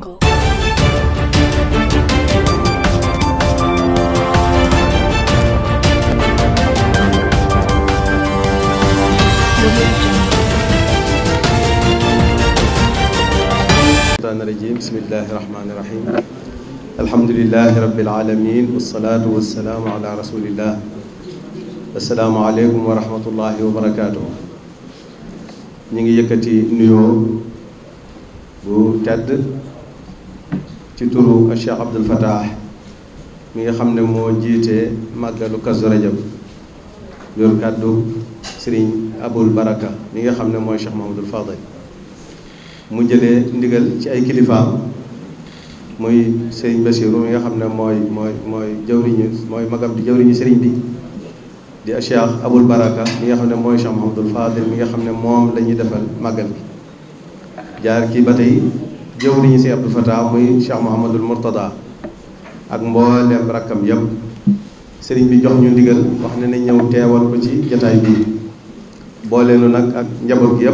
Jungle. الرجيم بسم الله الرحمن الرحيم الحمد لله رب العالمين والصلاة والسلام على رسول الله السلام عليكم ورحمة الله وبركاته ñu ngi yëkkati nuyoo bu tedd ci turu Cheikh Abdoul Fattah mi nga xam ne moo jiite màggalu Kazu Rajab yor kàddu Serigne Aboul Baraka mi nga xam ne mooy Cheikh Mahamadul Fadil mu jëlee ndigal ci ay kilifaam muy Serigne Bassirou mi nga xam ne mooy mooy mooy jawriñu mooy magam di bi di Cheikh Aboul Baraka mi nga xam ne mooy Cheikh Fadil mi nga xam ne moom la ñuy defal màggal bi jaar kii ba tey. jëwriñu si Abdou Fatah muy Cheikh Mouhamadul Mourtada ak mboolem rakkam yëpp sëriñ bi jox ñu ndigal wax ne na ñëw teewal ko ci jataay bii booleenu nag ak njaboot gi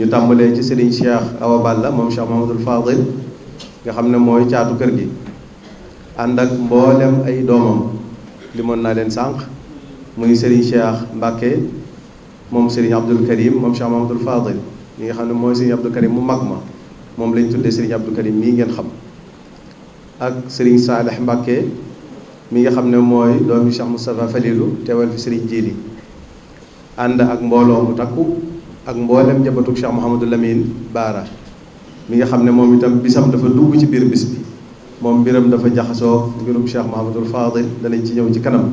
ñu tàmbalee ci sëriñ Cheikh Awa Balla moom Cheikh Mouhamadul Fadil nga xam ne mooy caatu kër gi ànd ak mboolem ay doomam limoon naa leen sànq muy sëriñ Cheikh Mbacke moom sëriñ Abdoul Karim moom Cheikh Mouhamadul Fadil ñi nga xam ne mooy sëriñ Abdoul Karim mu mag ma moom lañ tuddee sëriñ Abdou Karim mii ngeen xam ak sëriñ Saalih Mbàkke mi nga xam ne mooy doomi Cheikh Moustapha Falilou teewal fi jiir Jili ànd ak mbooloo mu takku ak mboolem njabatug Cheikh Mouhamadou Lamine Baara mi nga xam ne moom itam bisam dafa dugg ci biir bis bi moom mbiram dafa jaxasoo mbirum Cheikh Mouhamadou Fadil danañ ci ñëw ci kanam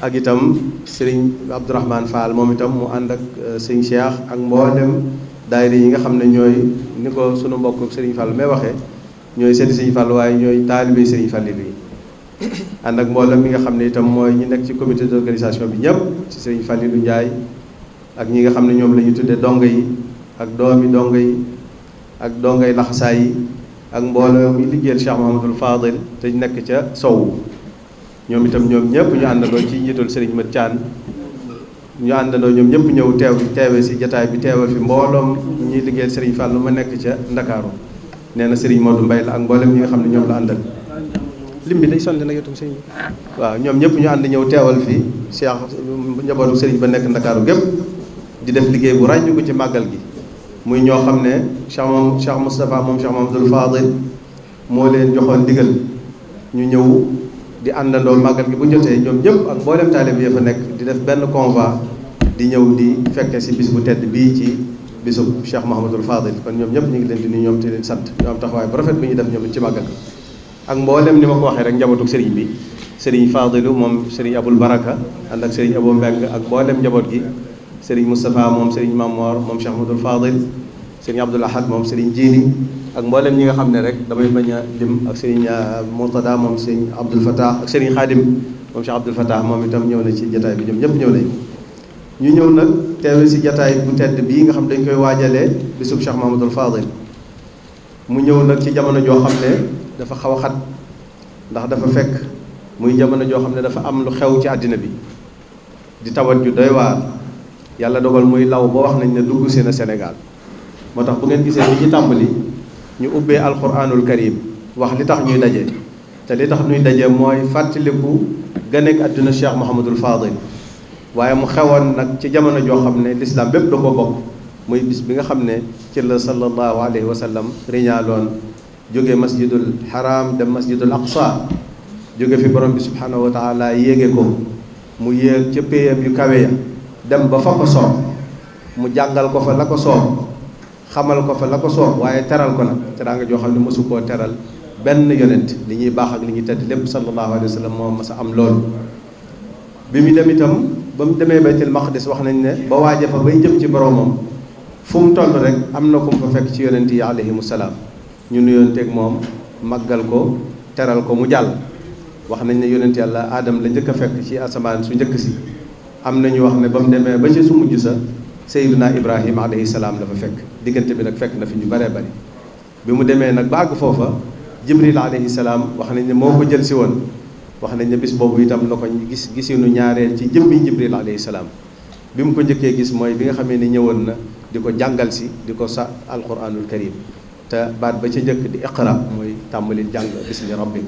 ak itam sëriñ Abdourahmane Fall moom itam mu ànd ak euh, sëriñ Cheikh ak mboolem daayira yi nga xam ne ñooy ni ko sunu mbokk Serigne Fall may waxee ñooy seeti Serigne Fall waaye ñooy taalibe Serigne Fall yi ànd ak mboolem mi nga xam ne itam mooy ñi nekk ci comité d'organisation bi ñëpp ci Serigne Fallou Ndiaye ak ñi nga xam ne ñoom la tuddee dongo yi ak doomi dongo yi ak dongo yi laxasaa yi ak mbooloo mi liggéeyal Cheikh Mouhamadul Fadil te nekk ca sow ñoom itam ñoom ñëpp ñu ànd àndandoo ci njiitul Serigne Mat Thian ñu àndandoo ñoom ñëpp ñëw teew teewe si jataay bi teewal fi ñu ñuy liggéeyal Serigne Fallou ma nekk ca Ndakaaru nee na Serigne Modou mbay la ak mboolem ñi nga xam ne ñoom la àndal lim bi day sonn nag itam sëriñ bi waaw ñoom ñëpp ñu ànd ñëw teewal fii Cheikh njabootu Serigne ba nekk Ndakaaru gépp di def liggéey bu ràññu ko ci màggal gi muy ñoo xam ne Cheikh moom Cheikh Moustapha moom Cheikh Mamadou Fadil moo leen joxoon ndigal ñu ñëw di àndandoo màggal gi bu jotee ñoom ñëpp ak mboolem taalibe yi fa nekk di def benn convoi di ñëw di fekke si bis bu tedd bii ci bisub Cheikh Mouhamadul Fadil kon ñoom ñëpp ñu ngi leen di ñoom te leen sant ñoo am taxawaay bu rafet bi ñu def ñoom ci màggal ak mboolem ni ma ko waxee rek njabootu sëriñ bi sëriñ Fadilu moom sëriñ Abul Baraka ànd ak sëriñ Abo Mbeng ak mboolem njaboot gi sëriñ Moustapha moom sëriñ Mamoor moom Cheikh Mouhamadul Fadil sëriñ Abdul Ahad moom sëriñ Jiili ak mboolem ñi nga xam ne rek damay bañ a lim ak sëriñ euh, Murtada moom sëriñ Abdul Fatah ak sëriñ Xaadim moom Cheikh Abdul Fatah moom itam ñëw na ci jataay bi ñoom ñëpp ñëw nañ ñu ñëw nag teewe si jataay bu tedd bii nga xam ne dañ koy waajalee bisub Cheikh Mahamadul Fadil mu ñëw nag ci jamono joo xam ne dafa xaw a xat ndax dafa fekk muy jamono joo xam ne dafa am lu xew ci àddina bi di tawat ju doy waar yàlla dogal muy law boo wax nañ ne dugg seen a Sénégal moo tax bu ngeen gisee li ci tàmbali ñu ubbee alquranul karim wax li tax ñuy daje te li tax ñuy daje mooy fàttaliku ganeek àdduna Cheikh Mouhamadul Fadil waaye mu xewoon nag ci jamono joo xam ne lislaam bépp da ko bokk muy bis bi nga xam ne ci la sallallahu alayhi wa sallam riñaaloon jóge masjidul haram dem masjidul aqsa jóge fi borom bi subhanahu wa yéege ko mu yéeg ca péyam yu kawe ya dem ba fa ko soob mu jàngal ko fa la ko soob xamal ko fa la ko soob waaye teral ko nag teraanga joo xam ne mosu koo teral benn yonent li ñuy baax ak li ñuy tedd lépp sallallahu alayhi wa sallam moo mas a am loolu bi mu dem itam ba mu demee baytul maqdis wax nañ ne ba waaje fa bay jëm ci boroomam fu mu toll rek am na ku mu fekk ci yonent yi alayhimu salaam ñu nuyoonteeg moom màggal ko teral ko mu jàll wax nañ ne yonent yàlla aadam la njëkk a fekk ci asamaan su njëkk si am na ñu wax ne ba mu demee ba ci su mujj sa Seydina Ibrahima alayhi salaam la fa fekk diggante bi nag fekk na fi ñu bare bari bi mu demee nag ba àgg foofa Jibril alayhi salaam wax nañ ne moo ko jël si woon wax nañ ne bis boobu itam la ko gis nu ñaareel ci jëmmi Jibril alayhi salaam bi mu ko njëkkee gis mooy bi nga xamee ni ñëwoon na di ko jàngal si di ko sa alquranul karim te baat ba ca njëkk di iqra mooy tàmbali jàng bismi rabbik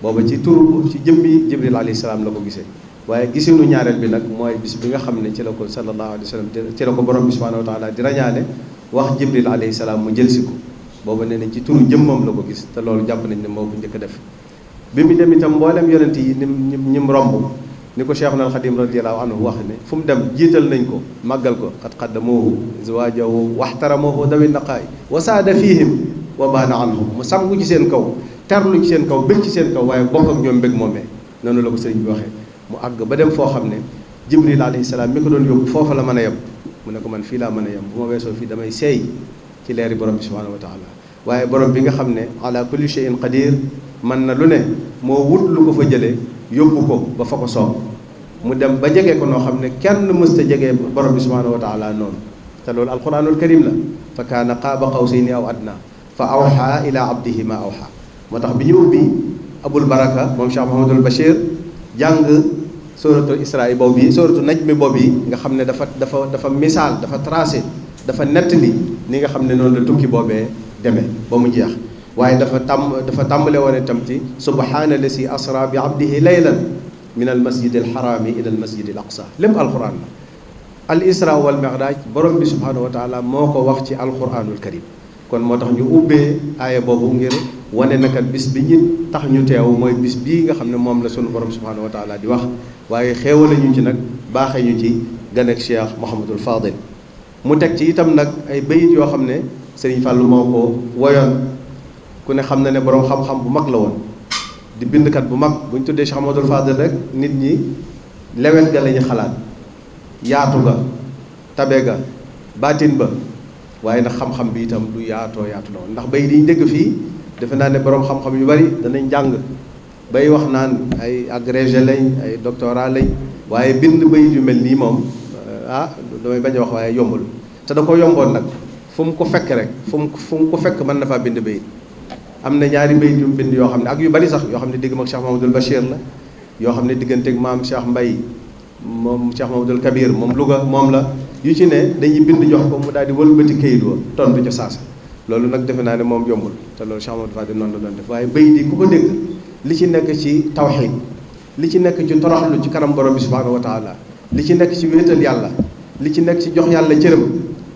booba ci tur ci jëmmi Jibril alayhi salaam la ko gisee. waaye gisinu ñaareel bi nag mooy bis bi nga xam ne ci la ko sallallahu alayhi wa sallam ci la ko borom bi subhanahu wa taala di rañaale wax jibril alayhi salaam mu jëlsi ko booba nee nañ ci turu jëmmam la ko gis te loolu jàpp nañ ne moo ko njëkk def bi mu dem itam mboolem yonent yi ni ñi mu romb ni ko Cheikhul Xadim radiyallahu anhu wax ne fu dem jiital nañ ko màggal ko xat xaddamoohu zawaajahu waxtaramoohu dawi naqaay wa saada fihim wa baana anhum mu sangu ci seen kaw terlu ci seen kaw bëgg ci seen kaw waaye bokk ak ñoom mbég moomee noonu la ko sëriñ bi waxee mu àgg ba dem foo xam ne jibril alayhi salaam mi ko doon yóbbu foofa la mën a yem mu ne ko man fii laa mën a yem bu ma weesoo fii damay seey ci leeri borom bi subhanahu wa taala waaye borom bi nga xam ne ala kulli shay'in qadir man na lu ne moo lu ko fa jëlee yóbbu ko ba fa ko mu dem ba jege ko noo xam ne kenn mësta jege borom bi subhanahu wa taala noonu te loolu alquranul karim la fa kaana qaaba qawsayni aw adna fa awxaa ila abdihi ma moo tax bi ñu ubbi abul baraka moom Cheikh Mahamadul Bachir jàng sóoratu Israa boob yi sóoratu Najm boob yi nga xam ne dafa dafa dafa misaal dafa tracé dafa nett nettali ni nga xam ne noonu la tukki boobee deme ba mu jeex waaye dafa tàmm dafa tàmbale woon itam ci subhaana lasi asra bi abdihi laylan min al masjid al xaraami ila al masjid al aqsa lépp alquran la al isra wal miraaj borom bi subhaanahu wa taala moo ko wax ci alquranul karim kon moo tax ñu ubbee aaya boobu ngir wane na kat bis bi ñu tax ñu teew mooy bis bii nga xam ne moom la sunu borom subhaanahu wa taala di wax waaye xéewale ñu ci nag baaxee ñu ci gan ak Cheikh Mouhamadul Fadil mu teg ci itam nag ay bayit yoo xam ne Serigne Fallou moo ko woyoon ku ne xam na ne boroom xam-xam bu mag la woon di bindkat bu mag bu ñu tuddee Cheikh Mouhamadul Fadil rek nit ñi lewet ga la xalaat yaatu ga tabe ga baatin ba waaye nag xam-xam bi itam lu yaatoo yaatu la woon ndax bayit yi ñu fii. defe naa ne boroom xam-xam yu bari danañ jàng bay wax naan ay agrégé lañ ay doctorat lañ waaye bind bayit yu mel nii moom ah damay bañ a wax waaye yombul te da ko yomboon nag fu mu ko fekk rek fu mu fu mu ko fekk mën na faa bind bayit am na ñaari bayit yu mu bind yoo xam ne ak yu bari sax yoo xam ne digg mag Cheikh Mamadou Bachir la yoo xam ne digganteeg maam Cheikh Mbaye moom Cheikh Mamadou Kabir moom Louga moom la yu ci ne dañuy bind jox ko mu daal di wëlbati këyit wa tontu ca si loolu nag defe naa ne moom yombul te loolu Cheikh Amadou Fadil noonu la doon def waaye bayit yi ku ko dégg li ci nekk ci tawxiid li ci nekk ci toroxlu ci kanam borom bi subhaanahu wa taala li ci nekk ci wéetal yàlla li ci nekk ci jox yàlla cërëm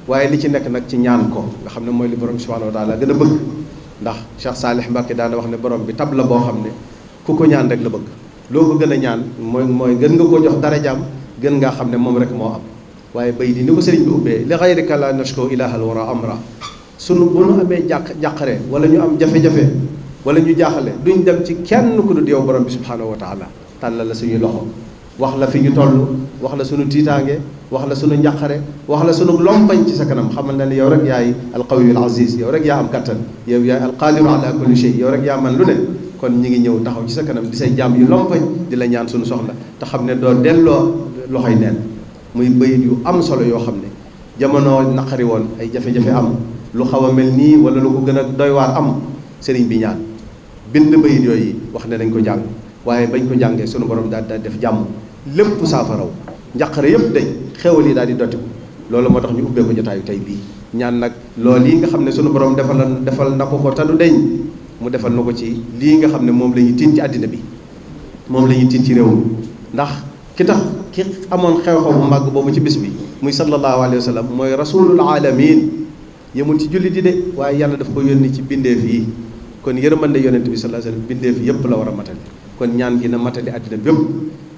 waaye li ci nekk nag ci ñaan ko nga xam ne mooy li borom bi subhaanahu wa taala gën a bëgg ndax Cheikh Saalih Mbacke daana wax ne borom bi tab la boo xam ne ku ko ñaan rek la bëgg loo ko gën a ñaan mooy mooy gën nga koo jox dara darajaam gën ngaa xam ne moom rek moo am waaye bayit yi ni ko sëriñ bi ubbee li xayrika la nashko ilaahal wara amra sunu bu nu amee jàq jàqare wala ñu am jafe-jafe wala ñu jaaxale duñ dem ci kenn ku dul yow borom bi subhaanahu wa taala tàllal la suñu loxo wax la fi ñu toll wax la sunu tiitaange wax la sunu njàqare wax la sunu lompañ ci sa kanam xamal na ne yow rek yaay alqawiyul aziz yow rek yaa am kattan yow yaay alqadiru ala kulli shay yow rek yaa man lu ne kon ñi ngi ñëw taxaw ci sa kanam di say jaam yu lompañ di la ñaan sunu soxla te xam ne doo delloo loxoy neen muy bayit yu am solo yoo xam ne jamono naqari woon ay jafe am lu xaw a mel nii wala lu ko gën a doy am sëriñ bi ñaan bind bayit yooyu wax ne nañ ko jàng waaye bañ ko jàngee sunu borom daal di def jàmm lépp saafaraw njaqare yëpp dañ xewal yi daal di dotti ko loolu moo tax ñu ubbee ko jotaayu tey bii ñaan nag loolu yi nga xam ne sunu borom defal na defal na ko ko te du deñ mu defal na ko ci lii nga xam ne moom la ñuy tin ci àddina bi moom la ñuy tin ci réew mi ndax ki tax ki amoon xew-xew bu màgg boobu ci bis bi muy sallallahu alayhi wa sallam mooy rasulul alamin yemul ci jullit di de waaye yàlla daf ko yónni ci bindeef yi kon yërmande yonent bi sallallahu alayhi wasallam bindeef yépp la war a matali kon ñaan gi na matali àddina bépp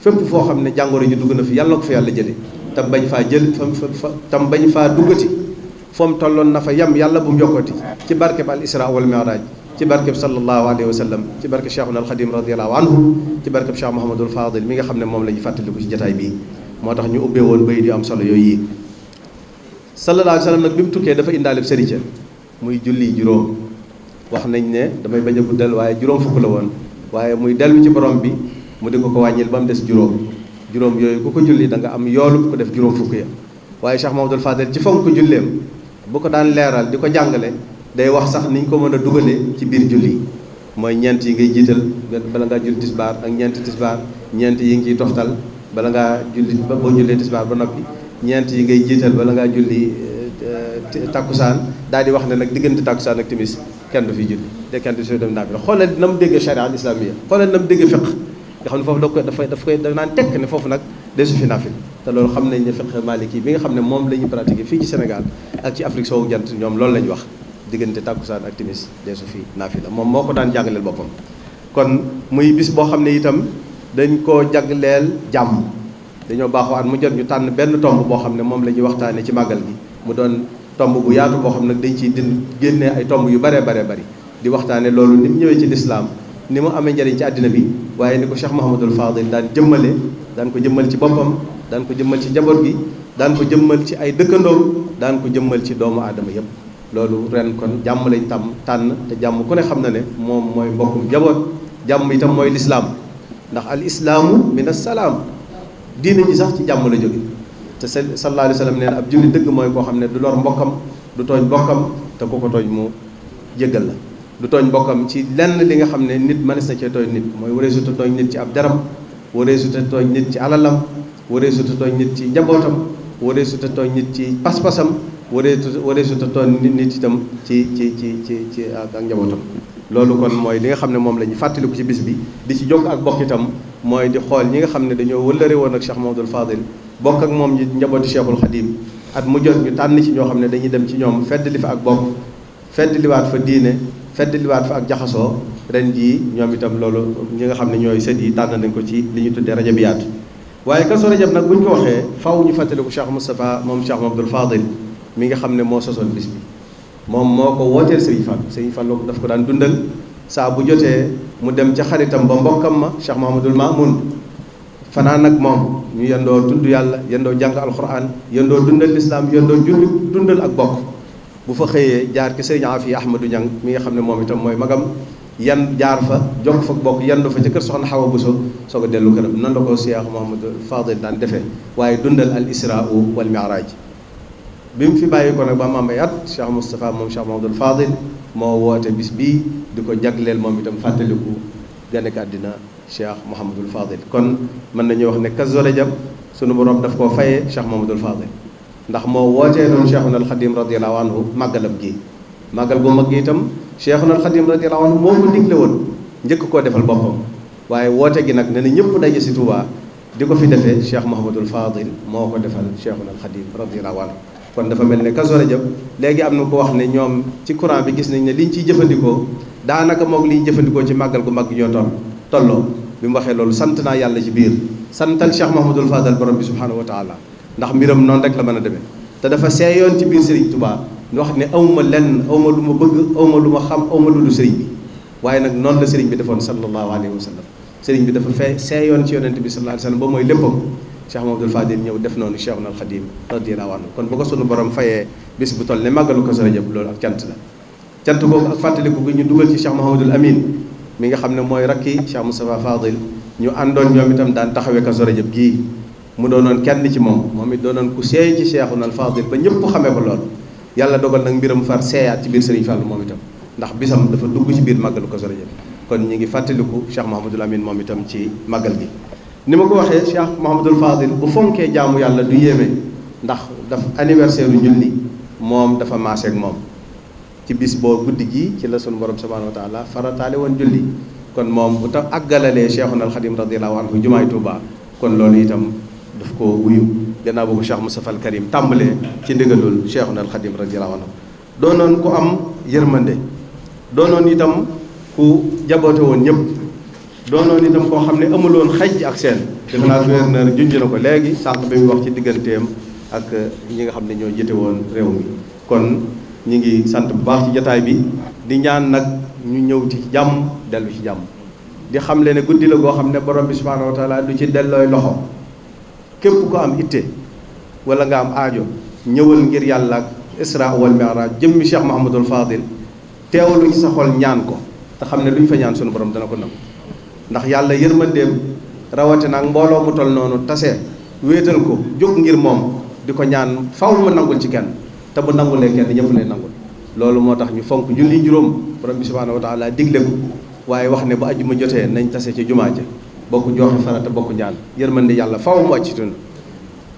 fépp foo xam ne jàngoro ji dugg na fi yàlla ko fa yàlla jële tam bañ faa jël fam fa tam bañ faa duggati foom tolloon na fa yam yàlla bu mu ci barkeb al isra wal miraaj ci barkeb sallallahu alayhi wa sallam ci barkeb cheikhuna al xadim radiallahu anhu ci barkeb cheikh mahamadul fadil mi nga xam ne moom la ñu fàttaliku ci jataay bii moo tax ñu ubbee woon bayit yu am solo yooyu sallallahu alayhi wa sallam nag bi mu tukkee dafa indaalib sëriñ muy julli juróom wax nañ ne damay bañ a guddal waaye juróom fukk la woon waaye muy dellu ci borom bi mu di ko ko wàññil ba mu des juróom juróom yooyu ku ko julli da nga am yoolu ko def juróom fukk ya waaye Cheikh Mahamadul Fadel ci fonk julleem bu ko daan leeral di ko jàngale day wax sax niñ ko mën a dugalee ci biir julli mooy ñeent yi ngay jiital bala ngaa julli tisbaar ak ñeenti tisbaar ñeent yi ngi ciy toxtal bala ngaa julli ba boo jullee tisbaar ba noppi ñeent yi ngay jiital bala ngaa julli eh, eh, takkusaan daal di wax na nag diggante takkusaan ak timis kenn du fi julli te kenn du fi dem naa bi xoolal na mu déggee na mu déggee fiq nga xam ne foofu da koy dafay daf koy daf naan tekk ne foofu nag desu fi naafil te loolu xam ne fiq maliki bi nga xam ne moom la ñuy pratiquer fii ci Sénégal ak ci Afrique soowu jant ñoom loolu la ñu wax diggante takkusaan ak timis desu fi naafila moom moo ko daan jàngaleel boppam kon muy bis boo xam ne itam dañ koo jagleel jàmm dañoo baaxoo at mu jot ñu tànn benn tomb boo xam ne moom la ñuy waxtaanee ci màggal gi mu doon tomb bu yaatu boo xam nag dañ ciy dind génne ay tomb yu baree baree bari di waxtaane loolu ni mu ñëwee ci lislaam ni mu amee njariñ ci àddina bi waaye ni ko Cheikh Mouhamadul Fadil daan jëmmale daan ko jëmmal ci boppam daan ko jëmmal ci njaboot gi daan ko jëmmal ci ay dëkkandoo daan ko jëmmal ci doomu aadama yépp loolu ren kon jàmm lañ tam tànn te jàmm ku ne xam na ne moom mooy mbokkum njaboot jàmm itam mooy lislaam ndax al islaamu min assalaam diine ji sax ci jàmm la jóge te sallallahu alayhi wa sallam nee na ab julli dëgg mooy koo xam ne du lor mbokkam du tooñ mbokkam te ku ko tooñ mu jéggal la du tooñ mbokkam ci lenn li nga xam ne nit mënees na cee tooñ nit mooy wareesuta tooñ nit ci ab daram wareesuta tooñ nit ci alalam wareesuta tooñ nit ci njabootam wareesuta tooñ nit ci pas-pasam wareesuta wareesuta tooñ nit itam ci ci ci ci ci ak njabootam loolu kon mooy li nga xam ne moom la ñu fàttaliku ci bis bi di ci jokk ak bokk itam mooy di xool ñi nga xam ne dañoo wëllëre woon ak Cheikh Mamadou Fadil bokk ak moom ñi njabooti Cheikhul Khadim at mu jot ñu tànn ci ñoo xam ne dañuy dem ci ñoom fedd li fa ak bokk fedd liwaat fa diine fedd liwaat fa ak jaxasoo ren jii ñoom itam loolu ñi nga xam ne ñooy sët yi tànn nañ ko ci li ñu tuddee rajabiyaat waaye kazu rajab nag bu ñu ko waxee faw ñu fàttaliku Cheikh Moustapha moom Cheikh Mamadou Fadil mi nga xam ne moo sosoon bis bi moom moo ko wooteel Serigne Fall Serigne Fall daf ko daan dundal saa bu jotee mu dem ca xaritam ba mbokkam ma Cheikh Mahamadul Mamoun fanaan ak moom ñu yendoo tudd yàlla yendoo jàng alxuraan yendoo dundal lislaam yendoo julli dundal ak bokk bu fa xëyee jaar ki sëriñ Afi Ahmadu Ñang mi nga xam ne moom itam mooy magam yan jaar fa jokk fa bokk yendu fa ci kër soxna Xawa Buso soog a dellu këram nan la ko Cheikh Mahamadul Fadil daan defe waaye dundal al israa wal miraaj bi mu fi bàyyi ko nag ba mu am ay at Cheikh Moustapha moom Cheikh Mahamadul Fadil moo woote bis bii di ko jagleel moom itam fàttaliku ganekk àddina Cheikh Mouhamadul Fadil kon mën nañu wax ne Kazu Rajab sunu borom daf koo fayee Cheikh Mahamadul Fadil ndax moo wootee noonu Cheikhuna al Xadim radiyallahu anhu màggalam gi màggal gu mag gi itam Cheikhuna al Xadim radiyallahu anhu moo ko digle woon njëkk koo defal boppam waaye woote gi nag ne na ñëpp daje si Touba di ko fi defee Cheikh Mouhamadul Fadil moo ko defal Cheikhuna al Xadim radiyallahu anhu kon dafa mel ne Kazu Rajab léegi am na ko wax ne ñoom ci courant bi gis nañ ne liñ ciy jëfandikoo daanaka moog liñ jëfandikoo ci màggal gu màgg ñoo toll tolloo bi mu waxee loolu sant naa yàlla ci biir santal Cheikh Mahamadul Fadal borom bi subhaanahu wa taala ndax mbiram noonu rek la mën a demee te dafa seeyoon ci biir Serigne Touba ñu wax ne awma lenn awma lu ma bëgg awma lu ma xam awma lu lu Serigne bi waaye nag noonu la Serigne bi defoon sallallahu alayhi wa sallam Serigne bi dafa ci yonent bi sallallahu alayhi wa sallam mooy léppam Cheikh Mamadou Fadil ñëw def noonu Cheikhuna al Xadim radiyallahu kon bu ko sunu borom fayee bis bu toll ne màggalu Kazu Rajab loolu ak cant la cant boobu ak fàttaliku gi ñu dugal ci Cheikh Mahamadul Amin nga xam ne mooy rakki Cheikh Moustapha Fadil ñu àndoon ñoom itam daan taxawee Kazu Rajab gii mu doonoon kenn ci moom moom it doonoon ku seey ci Cheikhuna al Fadil ba ñëpp xamee ko loolu yàlla dogal nag mbiram far seeyaat ci biir Serigne Fall moom itam ndax bisam dafa dugg ci biir màggalu Kazu Rajab kon ñu ngi fàttaliku Cheikh Mahamadul Amin moom itam ci màggal gi ni ma ko waxee Cheikh Mouhamadul Fadil bu fonkee jaamu yàlla du yéeme ndax daf anniversaire u julli moom dafa maase moom ci bis boo guddi gi ci la sunu borom subhanahu wa taala farataale woon julli kon moom bu tax àggalalee Cheikhuna Alxadim radiyallahu anhu jumaay Tuuba kon loolu itam daf koo wuyu gannaaw boobu Cheikh Moustapha al Karim tàmbalee ci ndigalul Cheikhuna Alxadim radiyallahu anhu doonoon ku am yërmande doonoon itam ku jaboote woon ñëpp. doonoon itam koo xam ne amuloon xaj ak seen defe naa gouverneur junj na ko léegi sànq bi mu wax ci digganteem ak euh, ñi nga xam ne ñoo jite woon réew mi kon ñi ngi sant bu baax ci jataay bi di ñaan nag ñu ñëw ci jàmm dellu ci jàmm di xam le ne guddi la goo xam ne borom bi subhaanahu wa taala du ci dellooy loxo képp ko am itte wala nga am aajo ñëwal ngir yàlla ak isra wal mi'raj jëmmi Cheikh Mahamadul Fadil teewlu ci sa xol ñaan ko te xam ne lu ñu fa ñaan sunu borom dana ko ndax yàlla yërmandeem rawatina mbooloo mu tol noonu tase wéetal ko jóg ngir moom di ko ñaan faw mu nangul ci kenn te bu nangulee kenn ñëpp lay nangul loolu moo tax ñu fonk julli juróom borom bi subhaanahu wa taala digle ko waaye wax ne bu ajjuma jotee nañ tase ca jumaa ja bokk jooxe farata bokk ñaan yërmande yàlla faw mu acc tun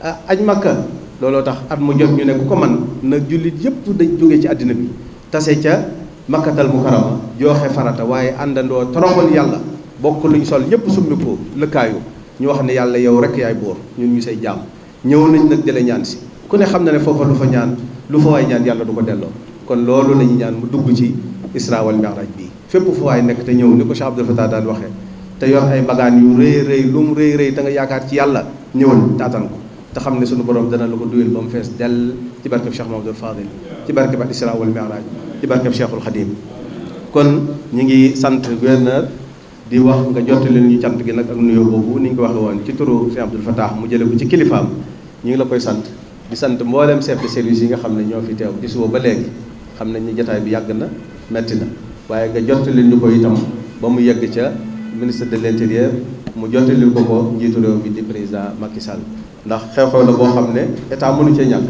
ah, aj makka looloo tax at mu jot ñu ne ku ko man nag jullit yëpp dañ jóge ci àddina bi tase ca makkatal mukarama jooxe farata waaye àndandoo toroxal yàlla bokk luñ sol ñëpp summi ko lëkkaayu ñu wax ne yàlla yow rek yaay boor ñun ñu say jaam ñëw nañ nag dale ñaan si ku ne xam na ne foofa lu fa ñaan lu fa waay ñaan yàlla du ko delloo kon loolu lañu ñaan mu dugg ci isra wal bi fépp fu waay nekk te ñëw ni ko Cheikh Abdoul Fatah daan waxee te yor ay bagaan yu rëy rëy lu mu rëy rëy te nga yaakaar ci yàlla ñëwal taatan ko te xam ne sunu borom dana la ko duyal ba mu fees dell ci barkeb Cheikh Mamadou Fadil ci barkeb al isra wal mi'raj ci barkeb Cheikhul di wax nga jotte leen ñu cant gi nag ak nuyo boobu ni ñu ko wax waxee woon ci turu Cheikh Abdoul Fatah mu jële ko ci kilifaam ñu ngi la koy sant di sant mboolem chef de service yi nga xam ne ñoo fi teew di suba ba léegi xam nañ ni jataay bi yàgg na metti na waaye nga jotte leen ñu ko itam ba mu yegg ca ministre de l'intérieur mu jottali ko ko njiitu réew bi di président Macky Sall ndax xew-xew la boo xam ne état mënu cee ñàkk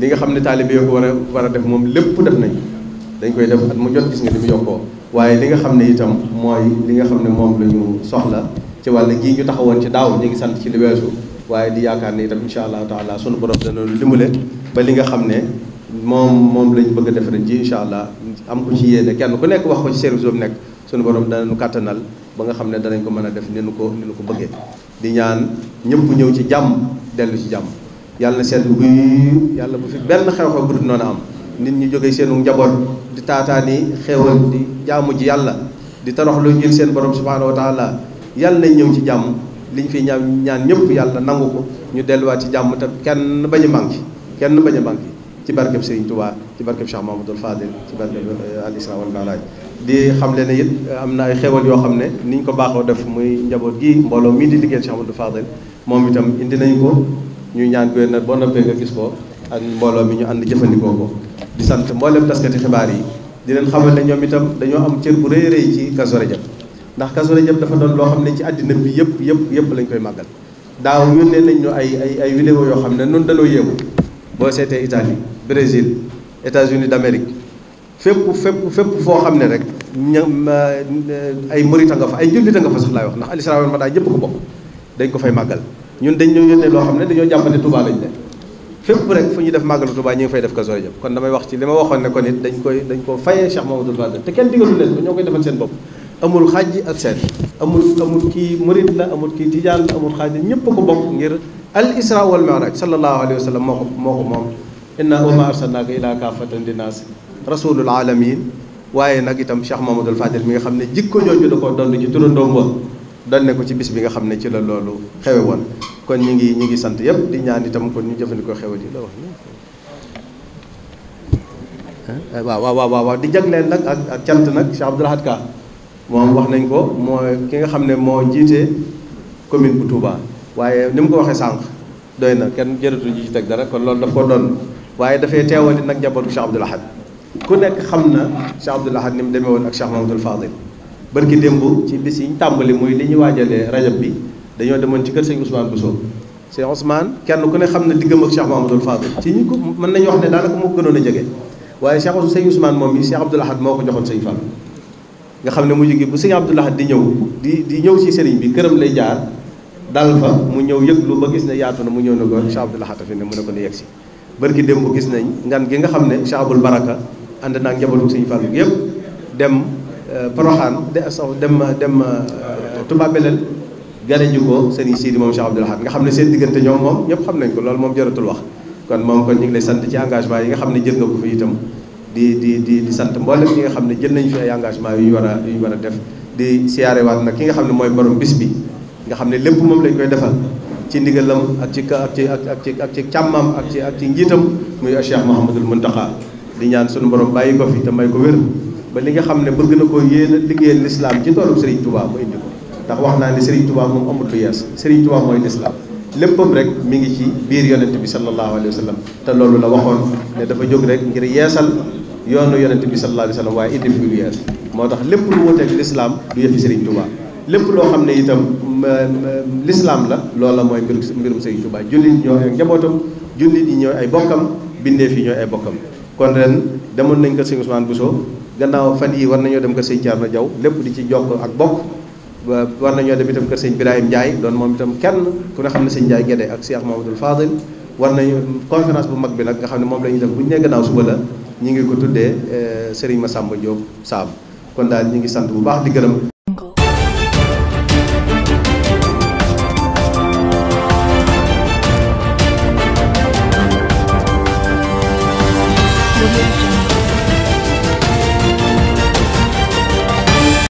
li nga xam ne taalibe yoo ko war a war a def moom lépp def nañ dañ koy def at jot gis nga ni mu yokkoo waaye li nga xam ne itam mooy li nga xam ne moom la ñu soxla ci wàll gii ñu taxawoon ci daaw ñu ngi sant ci li weesu waaye di yaakaar ne itam incha allahu taala sunu borom dana lu dimbale ba li nga xam ne moom moom lañ bëgg a def ren ji incha allah am ko ci yéene kenn ku nekk wax ko ci service boobu nekk sunu borom dana nu kàttanal ba nga xam ne danañ ko mën a def ni nu ko ni nu ko bëggee di ñaan ñëpp ñëw ci jàmm dellu ci jàmm yàlla na seet bu yàlla bu fi benn xew-xew bu dul noonu am nit ñi jóge seenu njaboot di taataa ni xéewal di jaamu ji yàlla di torox lu ngir seen borom subhaanahu wa taala yàlla nañ ñëw ci jàmm liñ fi ñaan ñaan ñëpp yàlla nangu ko ñu delluwaat ci jàmm te kenn bañ a manqué kenn bañ a manqué ci barkeb Serigne Touba ci barkeb Cheikh Mamadou Fadil ci barkeb euh, Al Isra wal Mi'raj di xam leen ne euh, am na ay xéewal yoo xam ne niñ ko baaxoo def muy njaboot gii mbooloo mii di liggéeyal Cheikh Mamadou Fadil moom itam indi nañ ko ñu ñaan gouverneur boo noppee nga gis ak mbooloo mi ñu ànd jëfandikoo ko di sant mboolem taskati xibaar yi di leen xamal ne ñoom itam dañoo am cër bu rëy rëy ci Kazu ndax Kazu Rajab dafa doon loo xam ne ci àddina bi yëpp yëpp yëpp lañ koy màggal daaw yónnee nañ ñu ay ay ay vidéo yoo xam ne nun dañoo yéemu boo seetee Italie Brésil États-Unis d'Amérique fépp fépp fépp foo xam ne rek ña ay murita nga fa ay jullita nga fa sax laay wax ndax alisra ma daa ñëpp ko bokk dañ ko fay màggal ñun dañ ñoo yónnee loo xam ne dañoo jàpp ne Tuubaa lañ ne fépp rek fu ñu def màggalu Tuubaa ñu ngi fay def Kazu Rajab kon damay wax ci li ma waxoon ne kon it dañ koy dañ koo fayee Cheikh Mamadou Fadal te kenn digalu leen ko ñoo koy defal seen bopp amul xajji ak seen amul amul kii murit la amul kii tijaan la amul xaaj ñëpp ko bokk ngir al isra wal mi'raj sallallahu alayhi wa sallam moo ko moo ko moom inna wa ma arsalnaaka ila kaafatan linnaas rasulul alamin waaye nag itam Cheikh Mamadou Fadal mi nga xam ne jikko jooju da koo doon ci turandoom wa dal ne ko ci bis bi nga xam ne ci la loolu xewe woon kon ñu ngi ñu ngi sant yëpp di ñaan itam kon ñu jëfandikoo xewal yi la wax waaw waaw waaw waaw di jagleel nag ak ak cant nag Cheikh Abdou Ka moom wax nañ ko mooy ki nga xam ne moo jiite commune bu tuubaa waaye ni mu ko waxee sànq doy na kenn jërëtul ji ci teg dara kon loolu daf ko doon waaye dafay teewal nag jabootu Cheikh Abdou Lahad ku nekk xam na Cheikh Abdou Lahad ni mu demee woon ak Cheikh Mamadou barki démb ci bis yi ñu tàmbali muy li ñu waajalee rajab bi dañoo demoon ci kër sëñ Ousmane Bousso sëñ Ousmane kenn ku ne xam ne diggam ak Cheikh Mahamadul Fadil ci ñi wax ne daanaka moo gënoon a jege waaye Cheikh sëñ Ousmane moom yi Cheikh Abdoul Ahad moo ko joxoon sëñ nga xam ne mujj gi bu sëñ di ñëw di di ñëw ci sëriñ bi këram lay jaar dal fa mu ñëw yëglu ba gis ne yaatu na mu ñëw ne ko Cheikh Abdoul Ahad fi mu ne ko ne yegg si barki démb gis nañ ngan gi nga xam ne Cheikh Abdoul Baraka ànd naa njabootu sëñ Fall yëpp dem Euh, Poroxaan de euh, saw dem euh, dem Touba leen gane ñu ko sëriñ Sidi moom Cheikh Abdoul Ahad nga xam ne seen diggante ñoom moom ñëpp xam nañ ko loolu moom jaratul wax kon moom ko ñu ngi lay sant ci engagement yi nga xam ne jël nga ko fi di di di di sant ñi nga xam ne jël nañ fi ay engagement yu ñu war a ñu war a def di siyaare nag ki nga xam ne mooy borom bis bi nga xam ne lépp moom lañu koy defal ci ndigalam ak ci ak ci ak ci ak ci càmmam ak ci ak ci njiitam muy Cheikh Mouhamadul Mountakha di ñaan sunu borom bàyyi ko fi te may ko ba li nga xam ne bëgg na ko yéen a liggéeyal lislaam ci toolub Serigne Touba mu indi ko ndax wax naa ne Serigne Touba moom amut lu yees Serigne Touba mooy lislaam léppam rek mi ngi ci biir yonent bi sallallahu alayhi wa sallam te loolu la waxoon ne dafa jóg rek ngir yeesal yoonu yonent bi sallallahu alayhi wa sallam waaye indi fi yees moo tax lépp lu wuteeg lislaam du yëfi Serigne Touba lépp loo xam ne itam lislaam la la mooy mbirum mbirum Serigne Touba jullit ñoo ay njabootam jullit yi ay bokkam bindeef yi ñooy ay bokkam kon ren demoon nañ ko sëñ Ousmane so gannaaw fan yii war nañoo dem ko sëñ Thierno Diaw lépp di ci jokk ak bokk ba war nañoo dem itam kër sëñ Birahim Ndiaye doon moom itam kenn ku ne xam ne sëñ Ndiaye Guédé ak Cheikh Mamadou Fadil war nañu conférence bu mag bi nag nga xam ne moom la ñuy def bu ñu nee gannaaw suba la ñu ngi ko tuddee ma euh, Massamba Diop saabu kon daal ñu ngi sant bu baax di gërëm